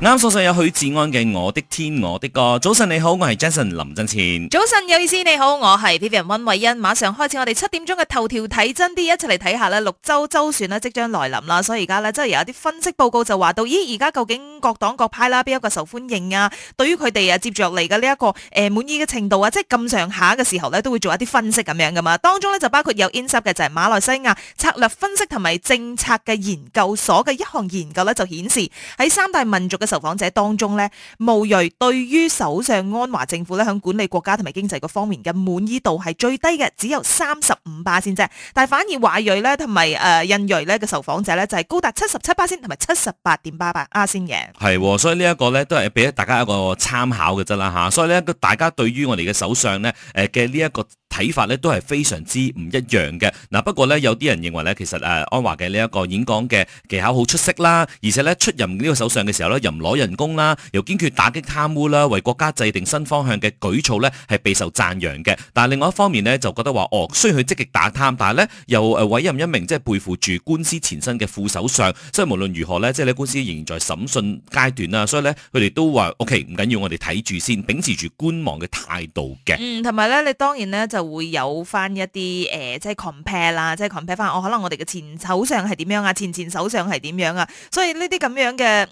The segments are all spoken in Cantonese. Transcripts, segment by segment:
啱，網上有許志安嘅《我的天》，我的歌。早晨你好，我係 Jason 林振錢。早晨有意思，你好，我係 P P R 溫慧欣。馬上開始我哋七點鐘嘅頭條睇真啲，一齊嚟睇下呢。六州州選呢即將來臨啦，所以而家呢，即係有一啲分析報告就話到，咦，而家究竟各黨各派啦邊一個受歡迎啊？對於佢哋啊接住落嚟嘅呢一個呃滿意嘅程度啊，即係咁上下嘅時候呢，都會做一啲分析咁樣噶嘛。當中呢，就包括有 INSAP 嘅就係馬來西亞策略分析同埋政策嘅研究所嘅一項研究呢，就顯示喺三大民族嘅。受訪者當中咧，巫裔對於首相安華政府咧，響管理國家同埋經濟個方面嘅滿意度係最低嘅，只有三十五巴仙啫。但係反而華裔咧，同埋誒印裔咧嘅受訪者咧就係高達七十七巴仙，同埋七十八點八八巴仙嘅。係，所以呢一個咧都係俾大家一個參考嘅啫啦，吓。所以咧，大家對於我哋嘅首相咧，誒嘅呢一個。睇法咧都係非常之唔一樣嘅。嗱，不過呢，有啲人認為咧，其實誒、啊、安華嘅呢一個演講嘅技巧好出色啦，而且咧出任呢個首相嘅時候咧，又唔攞人工啦，又堅決打擊貪污啦，為國家制定新方向嘅舉措呢係備受讚揚嘅。但係另外一方面呢，就覺得話哦，雖然佢積極打貪，但係呢，又誒委任一名即係背負住官司前身嘅副首相，所以無論如何呢，即係呢官司仍然在審訊階段啊，所以呢，佢哋都話 OK，唔緊要，我哋睇住先，秉持住觀望嘅態度嘅。嗯，同埋呢，你當然呢。就。會有翻一啲誒，即、呃、係、就是、compare 啦，即係 compare 翻我可能我哋嘅前首相係點樣啊？前前首相係點樣啊？所以呢啲咁樣嘅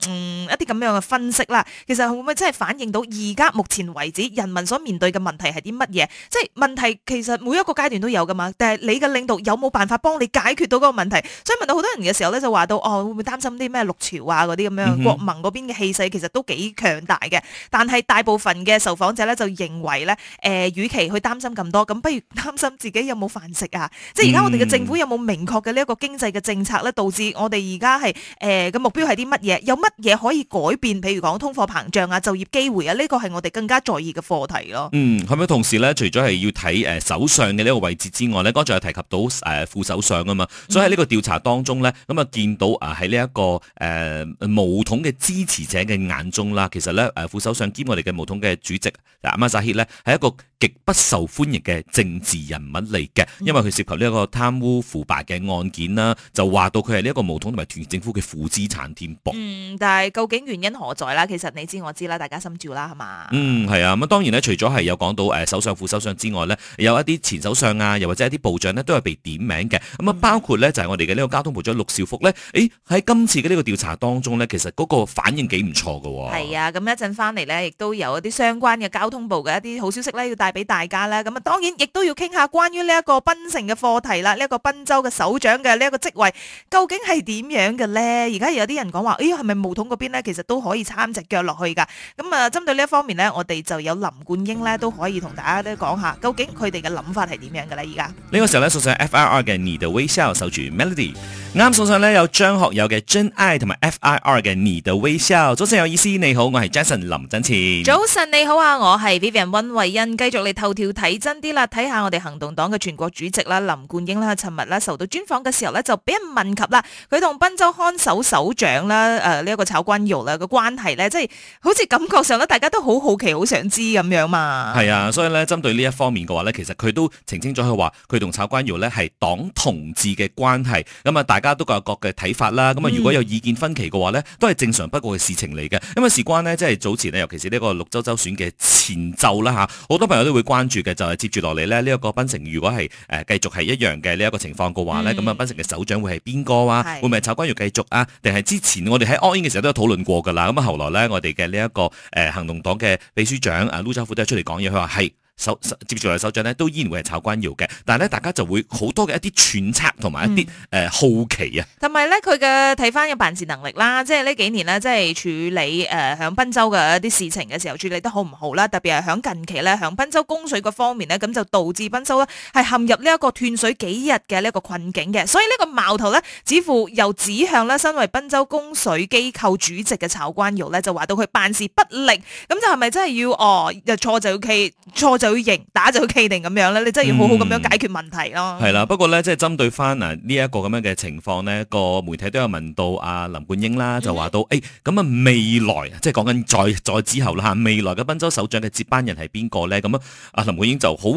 一啲咁樣嘅分析啦，其實會唔會真係反映到而家目前為止人民所面對嘅問題係啲乜嘢？即係問題其實每一個階段都有噶嘛，但係你嘅領導有冇辦法幫你解決到嗰個問題？所以問到好多人嘅時候咧，就話到哦，會唔會擔心啲咩綠潮啊嗰啲咁樣？國盟嗰邊嘅氣勢其實都幾強大嘅，但係大部分嘅受訪者咧就認為咧誒、呃，與其去擔心咁多咁。可以擔心自己有冇飯食啊！即係而家我哋嘅政府有冇明確嘅呢一個經濟嘅政策咧？導致我哋而家係誒嘅目標係啲乜嘢？有乜嘢可以改變？譬如講通貨膨脹啊、就業機會啊，呢個係我哋更加在意嘅課題咯。嗯，係咪同時咧？除咗係要睇誒、呃、首相嘅呢個位置之外咧，剛才有提及到、呃、副首相啊嘛，所以喺呢個調查當中咧，咁、呃、啊見到啊喺呢一個誒巫統嘅支持者嘅眼中啦，其實咧、呃、副首相兼我哋嘅巫統嘅主席阿馬薩協咧，係一個極不受歡迎嘅。政治人物嚟嘅，因為佢涉及呢一個貪污腐敗嘅案件啦，就話到佢係呢一個巫統同埋團結政府嘅負資產添噃，嗯，但係究竟原因何在啦？其實你知我知啦，大家心照啦，係嘛？嗯，係啊。咁、嗯、啊，當然咧，除咗係有講到誒首相副首相之外咧，有一啲前首相啊，又或者一啲部長咧，都係被點名嘅。咁、嗯、啊、嗯，包括咧就係、是、我哋嘅呢個交通部長陸兆福咧，誒喺今次嘅呢個調查當中咧，其實嗰個反應幾唔錯嘅喎。係啊，咁一陣翻嚟咧，亦、嗯、都有一啲相關嘅交通部嘅一啲好消息咧，要帶俾大家啦。咁、嗯、啊，當然。亦都要傾下關於呢一個檳城嘅課題啦，呢一個檳州嘅首長嘅呢一個職位究竟係點樣嘅咧？而家有啲人講話，哎呀，係咪巫統嗰邊咧？其實都可以插隻腳落去噶。咁啊，針對呢一方面咧，我哋就有林冠英咧都可以同大家咧講下，究竟佢哋嘅諗法係點樣噶咧？而家呢個時候咧送上 FIR 嘅你的微笑，守住 Melody 啱送上咧有張學友嘅真愛同埋 FIR 嘅你的微笑，早晨有意思，你好，我係 Jason 林振前，早晨你好啊，我係 Vivian 温慧欣，繼續嚟頭條睇真啲啦。睇下我哋行動黨嘅全國主席啦，林冠英啦，尋日啦受到專訪嘅時候咧，就俾人問及啦，佢同檳州看守首長啦，誒呢一個曹觀友啦嘅關係咧，即係好似感覺上咧，大家都好好奇，好想知咁樣嘛。係啊，所以咧針對呢一方面嘅話咧，其實佢都澄清咗佢話，佢同曹觀友咧係黨同志嘅關係。咁啊，大家都各有各嘅睇法啦。咁啊，如果有意見分歧嘅話咧，都係正常不過嘅事情嚟嘅。咁啊，事關呢，即係早前呢，尤其是呢個六州州選嘅前奏啦吓，好多朋友都會關注嘅就係接住落。你咧呢一個檳城，如果係、呃、繼續係一樣嘅呢一個情況嘅話咧，咁啊檳城嘅首長會係邊個啊？會唔會曹觀友繼續啊？定係之前我哋喺 o n 嘅時候都有討論過㗎啦。咁啊後來咧，我哋嘅呢一個、呃、行動黨嘅秘書長啊陸兆福都係出嚟講嘢，佢話係。手接住嚟，首長呢都依然會係曹關堯嘅，但係咧大家就會好多嘅、一啲揣測同埋一啲誒好奇啊，同埋咧佢嘅睇翻嘅辦事能力啦，即係呢幾年呢，即係處理誒響濱州嘅一啲事情嘅時候處理得好唔好啦，特別係響近期咧響濱州供水嗰方面呢，咁就導致濱州咧係陷入呢一個斷水幾日嘅呢一個困境嘅，所以呢個矛頭呢，似乎又指向呢身為濱州供水機構主席嘅曹關堯呢，就話到佢辦事不力，咁就係咪真係要哦又錯就要錯就？打就好企定咁樣咧，你真係要好好咁樣解決問題咯。係、嗯、啦，不過咧即係針對翻呢一個咁樣嘅情況呢個媒體都有問到阿林冠英啦，就話到誒咁啊未來即係講緊在在之後啦吓，未來嘅賓州首長嘅接班人係邊個咧？咁啊阿林冠英就好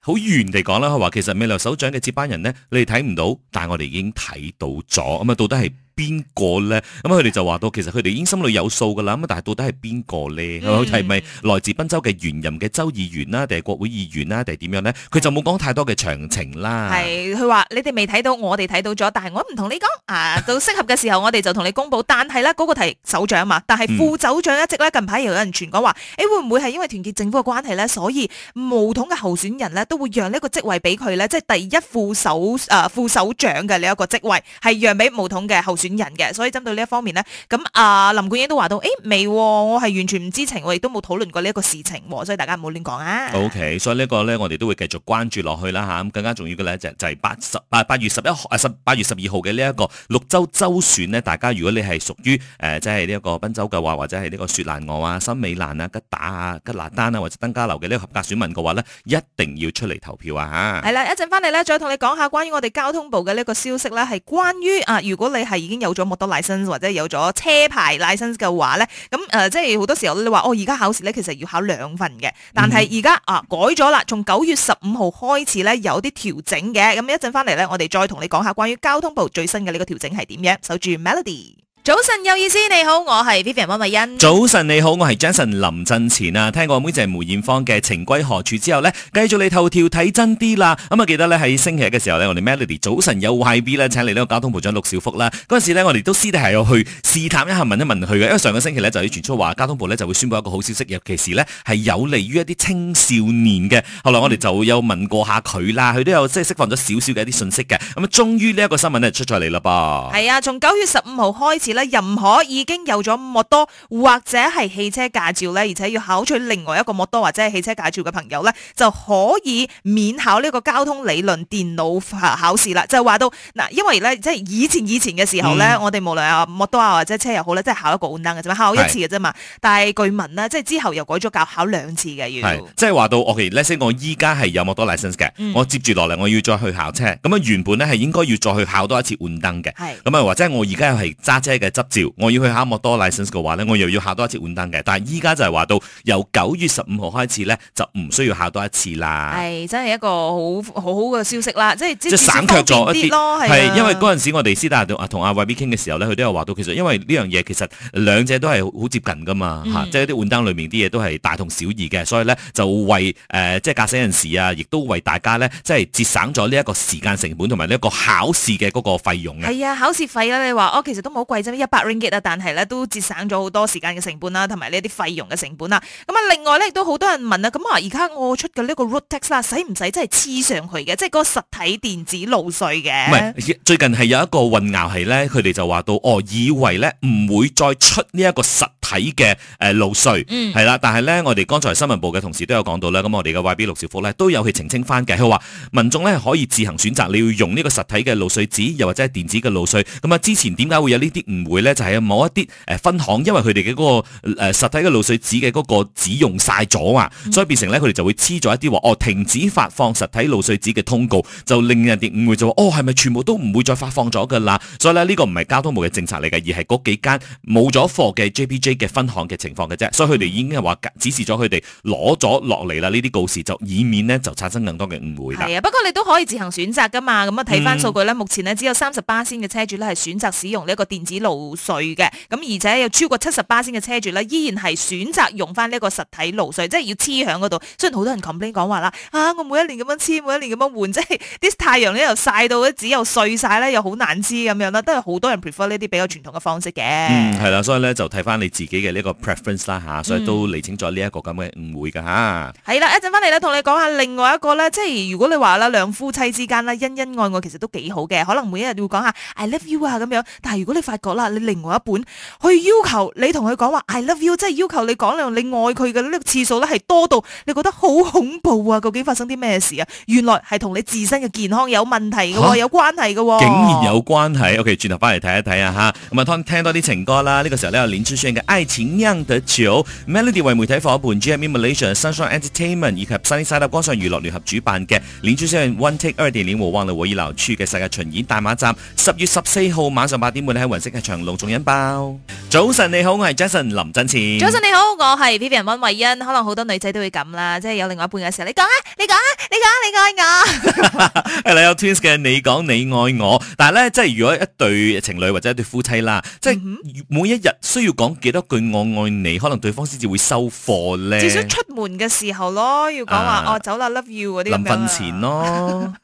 好圓地講啦，佢話其實未來首長嘅接班人咧，你哋睇唔到，但係我哋已經睇到咗。咁啊到底係？邊個咧？咁佢哋就話到，其實佢哋已經心裏有數㗎喇。咁啊，但係到底係邊個咧？係咪來自檳州嘅原任嘅州議員啦，定係國會議員啦，定係點樣咧？佢就冇講太多嘅詳情啦。係佢話：你哋未睇到，我哋睇到咗。但係我唔同你講啊，到適合嘅時候，我哋就同你公佈。但係咧，嗰個係首長啊嘛。但係副首長一職咧，近排又有人傳講話：誒會唔會係因為團結政府嘅關係咧，所以巫統嘅候選人咧都會讓呢一個職位俾佢咧，即係第一副首誒副首長嘅呢一個職位係讓俾巫統嘅候選人嘅，所以針對呢一方面呢，咁啊、呃、林冠英都話到，誒、欸、未，我係完全唔知情，我亦都冇討論過呢一個事情，所以大家唔好亂講啊。O、okay, K，所以呢個呢，我哋都會繼續關注落去啦吓，咁、啊、更加重要嘅呢，一就係八十八月十一號誒，十八月十二號嘅呢一個六州州選咧，大家如果你係屬於誒即係呢一個檳州嘅話，或者係呢個雪蘭莪啊、森美蘭啊、吉打啊、吉蘭丹啊或者登嘉樓嘅呢個合格選民嘅話呢，一定要出嚟投票啊吓。係啦，一陣翻嚟呢，再同你講下關於我哋交通部嘅呢個消息啦，係關於啊，如果你係已經。有咗摩托 license 或者有咗車牌 license 嘅話咧，咁誒、呃，即係好多時候你話哦，而家考試咧，其實要考兩份嘅，但係而家啊，改咗啦，從九月十五號開始咧，有啲調整嘅，咁一陣返嚟咧，我哋再同你講下關於交通部最新嘅呢個調整係點樣。守住 Melody。早晨有意思，你好，我係 Vivian 溫慧欣。早晨你好，我係 Jason 林振前啊。聽過妹姐梅艷芳嘅《情歸何處》之後呢，繼續你頭條睇真啲啦。咁啊，記得呢，喺星期日嘅時候呢，我哋 Melody 早晨有 YB 咧，請嚟呢個交通部長陸兆福啦。嗰陣時咧，我哋都私底下要去試探一下，問一問佢嘅，因為上個星期呢，就已傳出話，交通部呢就會宣佈一個好消息，尤其是呢係有利於一啲青少年嘅。後來我哋就有問過下佢啦，佢都有即係釋放咗少少嘅一啲信息嘅。咁啊，終於呢一個新聞就出咗嚟啦噃。係啊，從九月十五號開始。任何已經有咗摩托或者係汽車駕照咧，而且要考取另外一個摩托或者係汽車駕照嘅朋友咧，就可以免考呢個交通理論電腦考試啦。就話到嗱，因為咧，即係以前，以前嘅時候咧，嗯，我哋無論啊摩托啊或者車又好咧，即係考一個換燈嘅啫，考一次嘅啫嘛。但係據聞咧，即係之後又改咗教考考兩次嘅要。係即係話到 OK, 我嘅 license 我依家係有摩托 license 嘅，我接住落嚟我要再去考車。咁樣原本咧係應該要再去考多一次換燈嘅。係咁啊，或者我而家係揸車。嘅執照，我要去考摩哆 license 嘅話咧，我又要考多一次 undang 嘅。但係依家就係話到，由九月十五號開始咧，就唔需要考多一次啦。係、哎、真係一個好好好嘅消息啦，即係即係省卻咗一啲咯。係因為嗰陣時我哋私底下同阿 YB 傾嘅時候咧，佢都有話到，其實因為呢樣嘢其實兩者都係好接近噶嘛，嗯、即係啲 undang 裏面啲嘢都係大同小異嘅，所以咧就為誒、呃、即係駕駛人士啊，亦都為大家咧即係節省咗呢一個時間成本同埋呢一個考試嘅嗰個費用啊。係啊，考試費啦，你話哦，其實都冇貴。一百 ringgit 啊，但係咧都節省咗好多時間嘅成本啦，同埋呢啲費用嘅成本啦。咁啊，另外咧亦都好多人問啊，咁啊而家我出嘅呢個 road tax 啦，使唔使真係黐上去嘅？即係嗰個實體電子路稅嘅？唔係，最近係有一個混淆係咧，佢哋就話到哦，以為咧唔會再出呢一個實體嘅誒路稅，係、嗯、啦。但係咧，我哋剛才新聞部嘅同事都有講到咧，咁我哋嘅 YB 陸兆福咧都有去澄清翻嘅，佢話民眾咧可以自行選擇，你要用呢個實體嘅路稅紙，又或者係電子嘅路稅。咁啊，之前點解會有呢啲？唔會呢就係某一啲誒分行，因為佢哋嘅嗰個誒、呃、實體嘅路稅紙嘅嗰個紙用晒咗啊，嗯、所以變成呢，佢哋就會黐咗一啲話哦，停止發放實體路稅紙嘅通告，就令人哋誤會就話哦，係咪全部都唔會再發放咗噶啦？所以呢，呢、這個唔係交通部嘅政策嚟嘅，而係嗰幾間冇咗貨嘅 JPJ 嘅分行嘅情況嘅啫。所以佢哋已經係話指示咗佢哋攞咗落嚟啦，呢啲告示就以免呢就產生更多嘅誤會。係、啊、不過你都可以自行選擇噶嘛。咁啊睇翻數據呢，目前呢，只有三十八先嘅車主呢，係選擇使用呢一個電子露稅嘅，咁而且有超過七十巴仙嘅車主咧，依然係選擇用翻呢一個實體露稅，即係要黐響嗰度。雖然好多人 complain 講話啦，啊我每一年咁樣黐，每一年咁樣換，即係啲太陽咧又晒到咧，紙又碎晒咧，又好難黐咁樣啦，都係好多人 prefer 呢啲比較傳統嘅方式嘅。嗯，係啦，所以咧就睇翻你自己嘅呢個 preference 啦吓，所以都厘清咗呢一個咁嘅誤會噶吓。係啦，一陣翻嚟咧，同你講下另外一個咧，即係如果你話啦，兩夫妻之間啦，恩恩愛愛其實都幾好嘅，可能每一日都會講下 I love you 啊咁樣，但係如果你發覺，你另外一半去要求你同佢講話：「I love you」，即係要求你講你愛佢嘅呢個次數咧，係多到你覺得好恐怖啊！究竟發生啲咩事啊？原來係同你自身嘅健康有問題㗎喎、哦，有關係㗎喎。竟然有關係 OK 轉頭返嚟睇一睇啊吓，咁啊聽多啲情歌啦。呢、這個時候呢，有林志炫嘅《愛情釀的酒》，Melody 為媒體伙伴 GMI Malaysia Sunshine Entertainment 以及 Sunny Side Up 光尚娛樂聯合主辦嘅林志炫 One Take 二點零和萬麗會議樓處嘅世界巡演大馬站，十月十四號晚上八點半喺雲色。長路仲人包，早晨你好，我係 Jason 林振前。早晨你好，我係 Vivian 溫慧欣。可能好多女仔都會咁啦，即係有另外一半嘅時候，你講啊，你講啊，你講，你愛我。係啦，Twins 嘅你講你愛我，但係咧，即係如果一對情侶或者一對夫妻啦，即係每一日需要講幾多句我愛你，可能對方先至會收貨咧。至少出門嘅時候咯，要講話哦，走啦，love you 嗰啲咁樣。臨分前咯，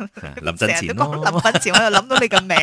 林振前咯。講臨分前，我又諗到你個名。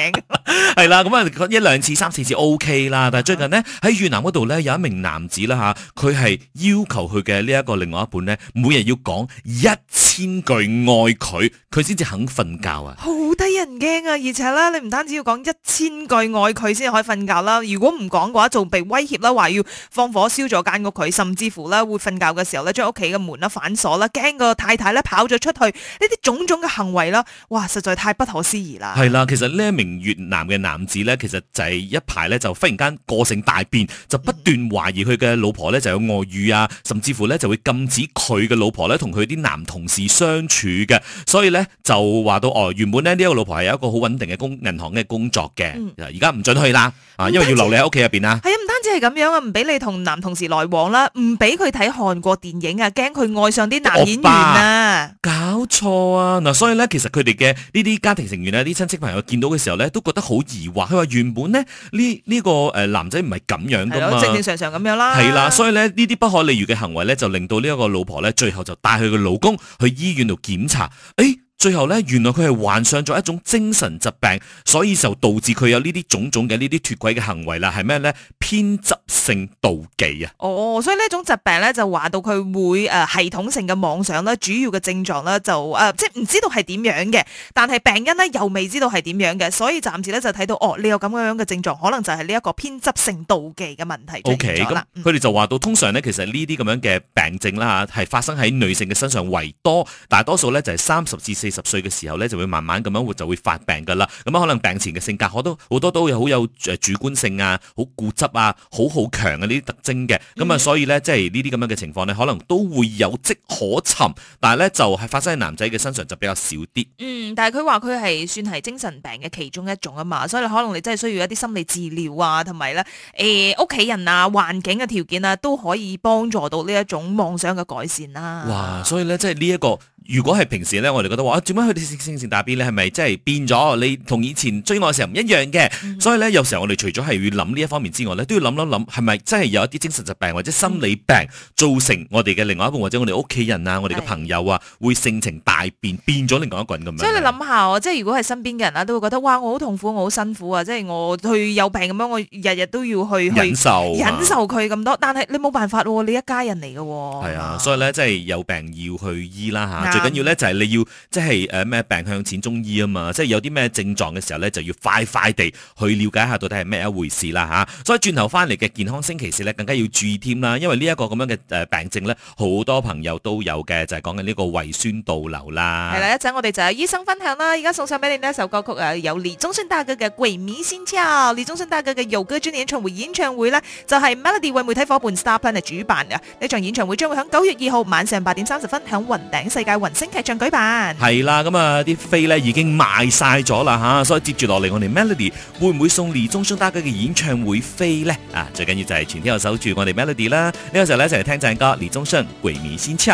係啦，咁啊，一兩次、三次。O.K. 啦，但係最近呢，喺越南嗰度呢，有一名男子啦吓，佢係要求佢嘅呢一個另外一半呢，每日要講一千句愛佢，佢先至肯瞓覺啊！好得人驚啊！而且咧你唔單止要講一千句愛佢先可以瞓覺啦，如果唔講嘅話仲被威脅啦，話要放火燒咗間屋佢，甚至乎咧會瞓覺嘅時候咧將屋企嘅門啦反鎖啦，驚個太太咧跑咗出去呢啲種種嘅行為啦，哇實在太不可思議啦！係啦，其實呢一名越南嘅男子咧，其實就係一排。就忽然間個性大變，就不斷懷疑佢嘅老婆咧就有外遇啊，甚至乎咧就會禁止佢嘅老婆咧同佢啲男同事相處嘅，所以咧就話到哦，原本咧呢一、這個老婆係有一個好穩定嘅工銀行嘅工作嘅，而家唔准去啦，啊、嗯、因為要留你喺屋企入邊啦，係啊，唔單止係咁樣啊，唔俾你同男同事來往啦，唔俾佢睇韓國電影啊，驚佢愛上啲男演員啊，爸爸搞錯啊，嗱，所以咧其實佢哋嘅呢啲家庭成員啊，啲親戚朋友見到嘅時候咧，都覺得好疑惑，佢話原本呢。呢、這、呢個誒男仔唔係咁樣噶嘛，正正常常咁樣的啦。係啦，所以咧呢啲不可理喻嘅行為咧，就令到呢一個老婆咧，最後就帶佢嘅老公去醫院度檢查。誒。最後咧，原來佢係患上咗一種精神疾病，所以就導致佢有呢啲種種嘅呢啲脫軌嘅行為啦，係咩咧？偏執性妒忌啊！哦，所以呢一種疾病咧就話到佢會誒、呃、系統性嘅妄想啦，主要嘅症狀咧就誒、呃、即係唔知道係點樣嘅，但係病因咧又未知道係點樣嘅，所以暫時咧就睇到哦，你有咁樣樣嘅症狀，可能就係呢一個偏執性妒忌嘅問題出現咗啦。OK，噉佢哋就話到，通常咧其實呢啲咁樣嘅病症啦嚇係發生喺女性嘅身上為多，大多數咧就係三十至四十歲嘅時候咧，就會慢慢咁樣會就會發病噶啦。咁啊，可能病前嘅性格，好多好多都會好有誒、主觀性啊，好固執啊，好好強嘅呢啲特徵嘅。咁、嗯、啊，所以咧，即係呢啲咁樣嘅情況咧，可能都會有迹可尋。但係咧，就係發生喺男仔嘅身上就比較少啲。嗯，但係佢話佢係算係精神病嘅其中一種啊嘛，所以可能你真係需要一啲心理治療啊，同埋咧誒、屋企人啊、環境嘅條件啊，都可以幫助到呢一種妄想嘅改善啦、啊。哇！所以咧，即係呢一個。如果係平時咧，我哋覺得話啊，做乜佢哋性性大變咧？係咪即係變咗？你同以前追我嘅時候唔一樣嘅？嗯、所以咧，有時候我哋除咗係要諗呢一方面之外咧，都要諗一諗，係咪真係有一啲精神疾病或者心理病造成我哋嘅另外一個、嗯、或者我哋屋企人啊、嗯、我哋嘅朋友啊會性情大變，變咗另外一個人咁樣。即係你諗下即係如果係身邊嘅人啊，都會覺得哇，我好痛苦，我好辛苦啊！即係我去有病咁樣，我日日都要去忍受、啊、忍受佢咁多，但係你冇辦法喎、啊，你一家人嚟㗎喎。係啊，所以咧即係有病要去醫啦嚇。緊要咧，就係你要即係誒咩病向淺中醫啊嘛，即係有啲咩症狀嘅時候咧就要快快地去了解下到底係咩一回事啦吓。所以轉頭翻嚟嘅健康星期四咧，更加要注意添啦，因為呢一個咁樣嘅誒病症，咧好多朋友都有嘅，就係講緊呢個胃酸倒流啦。係啦，一陣我哋就有醫生分享啦，而家送上俾你呢一首歌曲誒，有李宗盛大哥嘅《鬼迷心竅》，李宗盛大哥嘅有歌專業演唱會演唱會呢，就係 Melody 為媒體夥伴 StarPlan 嚟主辦嘅呢場演唱會，將會響九月二號晚上八點三十分響雲頂世界星期唱舉辦，係啦，咁啊啲飛咧已經賣曬咗啦吓，所以接住落嚟我哋 Melody 會唔會送李宗盛大家嘅演唱會飛咧？啊，最緊要就係全天候守住我哋 Melody 啦，呢個時候咧就齊嚟聽讚歌，李宗盛《鬼迷心竅》。